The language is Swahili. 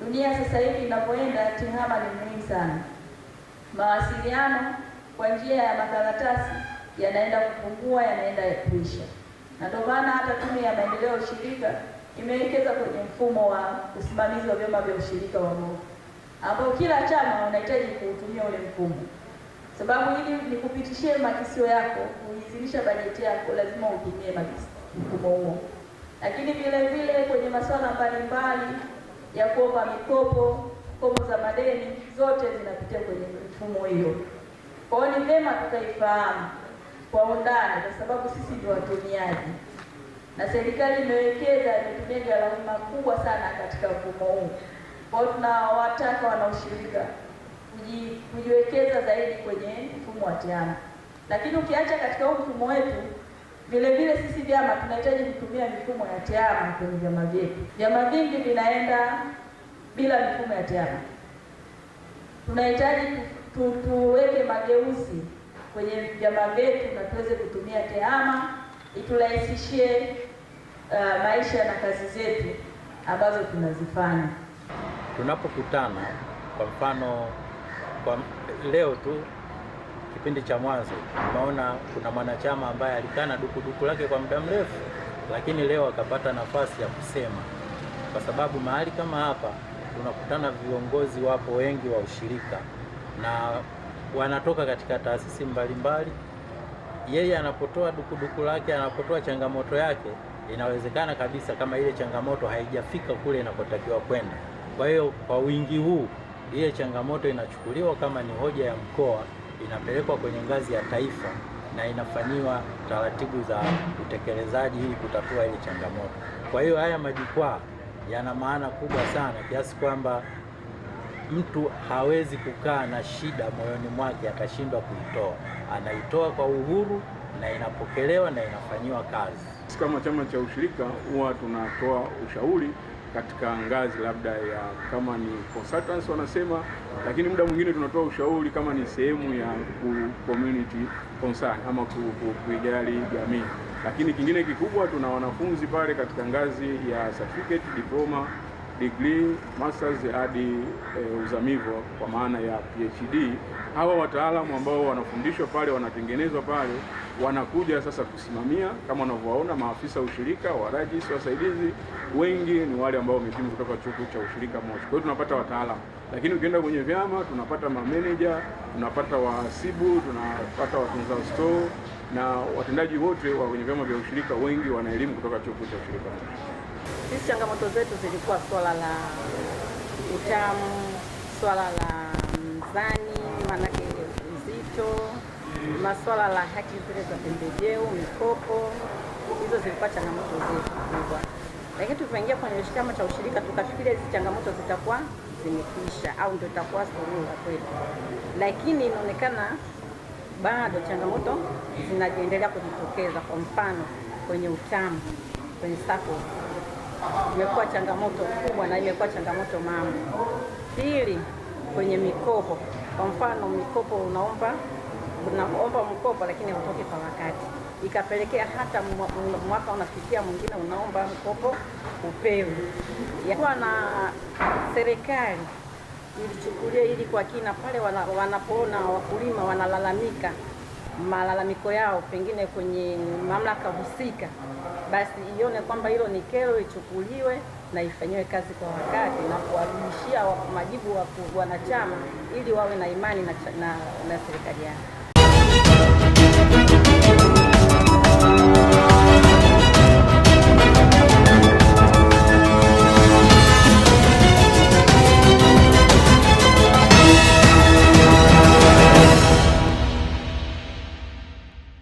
Dunia sasa hivi inapoenda, TEHAMA ni muhimu sana. Mawasiliano kwa njia ya makaratasi yanaenda kupungua, yanaenda kuisha, na ndio maana hata Tume ya Maendeleo Ushirika imewekeza kwenye mfumo wa usimamizi wa vyama vya ushirika wa moja, ambao kila chama unahitaji kuutumia ule mfumo, sababu ili nikupitishie makisio yako, kuizilisha bajeti yako, lazima utumie mfumo huo, lakini vile vile kwenye masuala mbalimbali ya kuomba mikopo, komo za madeni, zote zinapitia kwenye mfumo hiyo. Kwa hiyo ni vema tukaifahamu kwa undani, kwa sababu sisi ndio watumiaji na serikali imewekeza, imetumia gharama kubwa sana katika mfumo huu. Kwa hiyo tunawataka wanaoshirika kujiwekeza zaidi kwenye mfumo wa TEHAMA, lakini ukiacha katika huu mfumo wetu vile vile sisi vyama tunahitaji kutumia mifumo ya tehama kwenye vyama vyetu. Vyama vingi vinaenda bila mifumo ya tehama. Tunahitaji tu, tuweke mageuzi kwenye vyama vyetu na tuweze kutumia tehama iturahisishie uh, maisha na kazi zetu ambazo tunazifanya tunapokutana. Kwa mfano kwa leo tu kipindi cha mwanzo tunaona kuna mwanachama ambaye alikaa na dukuduku lake kwa muda mrefu, lakini leo akapata nafasi ya kusema, kwa sababu mahali kama hapa tunakutana viongozi, wapo wengi wa ushirika na wanatoka katika taasisi mbalimbali. Yeye anapotoa dukuduku lake, anapotoa changamoto yake, inawezekana kabisa kama ile changamoto haijafika kule inakotakiwa kwenda. Kwa hiyo kwa wingi huu, ile changamoto inachukuliwa kama ni hoja ya mkoa inapelekwa kwenye ngazi ya taifa na inafanyiwa taratibu za utekelezaji ili kutatua ile changamoto. Kwa hiyo haya majukwaa yana maana kubwa sana kiasi kwamba mtu hawezi kukaa na shida moyoni mwake akashindwa kuitoa. Anaitoa kwa uhuru na inapokelewa na inafanyiwa kazi. Kama chama cha ushirika huwa tunatoa ushauri katika ngazi labda ya kama ni consultants wanasema, lakini muda mwingine tunatoa ushauri kama ni sehemu ya community concern ama kuijali jamii. Lakini kingine kikubwa, tuna wanafunzi pale katika ngazi ya certificate, diploma, degree, masters hadi e, uzamivu kwa maana ya PhD. Hawa wataalamu ambao wanafundishwa pale wanatengenezwa pale wanakuja sasa kusimamia. Kama unavyowaona maafisa ushirika, warajisi, wasaidizi wengi ni wale ambao wamehitimu kutoka chuo cha ushirika MOSH. Kwa hiyo tunapata wataalamu, lakini ukienda kwenye vyama tunapata mameneja, tunapata wasibu, tunapata watunza store na watendaji wote wa kwenye vyama vya ushirika, wengi wana elimu kutoka chuo cha ushirika MOSH. Sisi changamoto zetu zilikuwa swala la utamu, swala la mzani, maanake uzito masuala la haki zile za pembejeo, mikopo, hizo zilikuwa changamoto zetu kubwa, lakini tulipoingia kwenye chama cha ushirika tukafikiria hizi changamoto zitakuwa zimekwisha au ndio itakuwa suluhu kweli, lakini inaonekana bado changamoto zinaendelea kujitokeza. Kwa mfano kwenye utamu, kwenye sako imekuwa changamoto kubwa na imekuwa changamoto mama. Pili, kwenye mikopo, kwa mfano mikopo unaomba unaomba mkopo lakini hautoki kwa wakati, ikapelekea hata mwaka unafikia mwingine unaomba mkopo upewe. Yakuwa na serikali ilichukulia ili kwa kina pale wanapoona wakulima wanalalamika malalamiko yao pengine kwenye mamlaka husika, basi ione kwamba hilo ni kero, ichukuliwe na ifanyiwe kazi kwa wakati na kuwarudishia majibu wa wanachama ili wawe na imani na, na, na serikali yao.